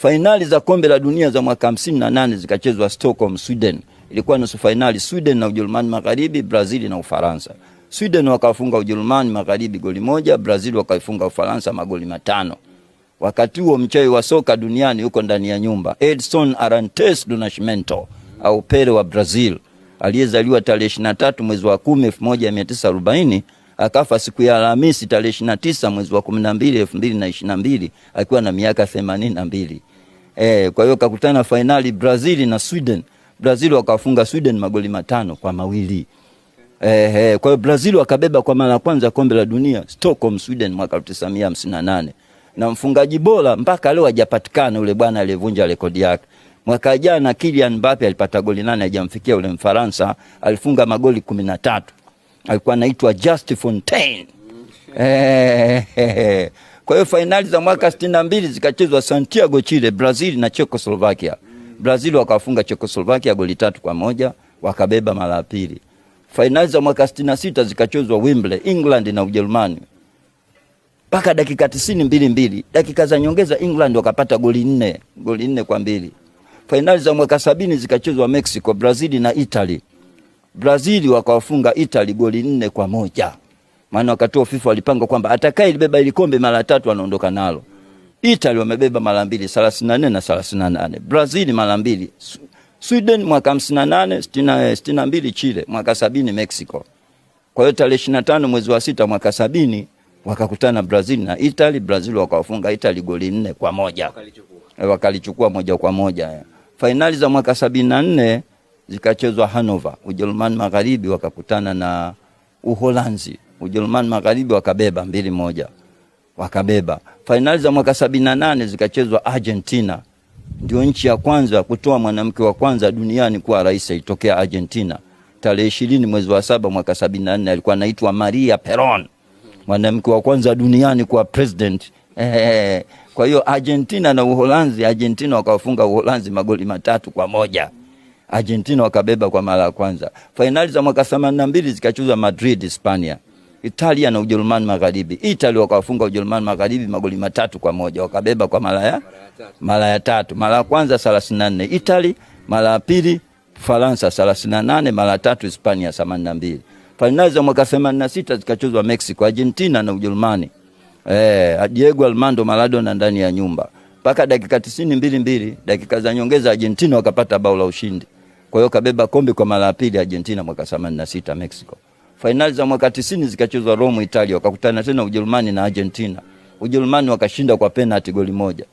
Fainali za kombe la dunia za mwaka nane zikachezwa Stockholm, Sweden. Ilikuwa nusu fainali Sweden na Ujerumani Magharibi, Brazil na Ufaransa. Sweden wakafunga Ujerumani Magharibi goli moja, Brazil wakaifunga Ufaransa magoli matano. Wakati huo mchawi wa soka duniani yuko ndani ya nyumba, Edson Arantes do Nascimento au Pele wa Brazil aliyezaliwa tarehe 23 mwezi wa 10 1940 akafa siku ya Alhamisi tarehe ishirini na tisa mwezi wa kumi na mbili elfu mbili na ishirini na mbili akiwa na miaka themanini na mbili. E, kwa hiyo kakutana na fainali Brazil na Sweden. Brazil wakafunga Sweden magoli matano kwa mawili. Eh, eh, kwa hiyo Brazil wakabeba kwa mara ya kwanza kombe la dunia Stockholm, Sweden mwaka 1958. Na mfungaji bora mpaka leo hajapatikana ule bwana aliyevunja rekodi yake. Mwaka jana Kylian Mbappe alipata goli nane, hajamfikia ule Mfaransa, alifunga magoli 13 alikuwa anaitwa Just Fontaine. kwa hiyo fainali za mwaka sitini na mbili zikachezwa Santiago, Chile, Brazil na chekoslovakia Brazil wakafunga chekoslovakia goli tatu kwa moja wakabeba mara ya pili. Fainali za mwaka sitini na sita zikachezwa Wembley, England na Ujerumani mpaka dakika tisini mbili mbili. Dakika za nyongeza England wakapata goli nne, goli nne kwa mbili. Fainali za mwaka sabini zikachezwa Mexico, Brazil na Italy Brazil wakawafunga Italy goli nne kwa moja. Maana wakati FIFA walipanga kwamba atakaye libeba ile kombe mara tatu anaondoka nalo. Italy wamebeba mara mbili 34 na 38. Brazil mara mbili. Sweden mwaka 58, 62 Chile, mwaka sabini Mexico. Kwa hiyo tarehe 25 mwezi wa sita mwaka sabini wakakutana Brazil na Italy. Brazil wakawafunga Italy goli nne kwa moja wakalichukua moja kwa moja. Fainali za mwaka sabini na nne zikachezwa Hanover, Ujerumani Magharibi wakakutana na Uholanzi, Ujerumani Magharibi wakabeba mbili moja, wakabeba. Fainali za mwaka sabini na nane zikachezwa Argentina, ndio nchi ya kwanza kutoa mwanamke wa kwanza duniani kuwa rais, itokea Argentina tarehe ishirini mwezi wa saba mwaka sabini na nne alikuwa anaitwa Maria Peron, mwanamke wa kwanza duniani kuwa president. Kwa hiyo Argentina na Uholanzi, Argentina wakawafunga Uholanzi magoli matatu kwa moja. Argentina wakabeba kwa mara ya kwanza. Fainali za mwaka 82 zikachezwa Madrid, Hispania. Italia na Ujerumani Magharibi. Italia wakawafunga Ujerumani Magharibi magoli matatu kwa moja, wakabeba kwa mara ya mara ya tatu. Mara ya kwanza 34 Italy, mara ya pili Faransa 38, mara ya tatu Hispania 82. Fainali za mwaka 86 zikachezwa Mexico, Argentina na Ujerumani. Eh, Diego Armando Maradona ndani ya nyumba. Paka dakika 92 mbili mbili, dakika za nyongeza Argentina wakapata bao la ushindi. Kwa hiyo kabeba kombe kwa mara ya pili Argentina mwaka 86 Mexico. Fainali za mwaka 90 zikachezwa Rome Italia, wakakutana tena Ujerumani na Argentina. Ujerumani wakashinda kwa penalty goli moja.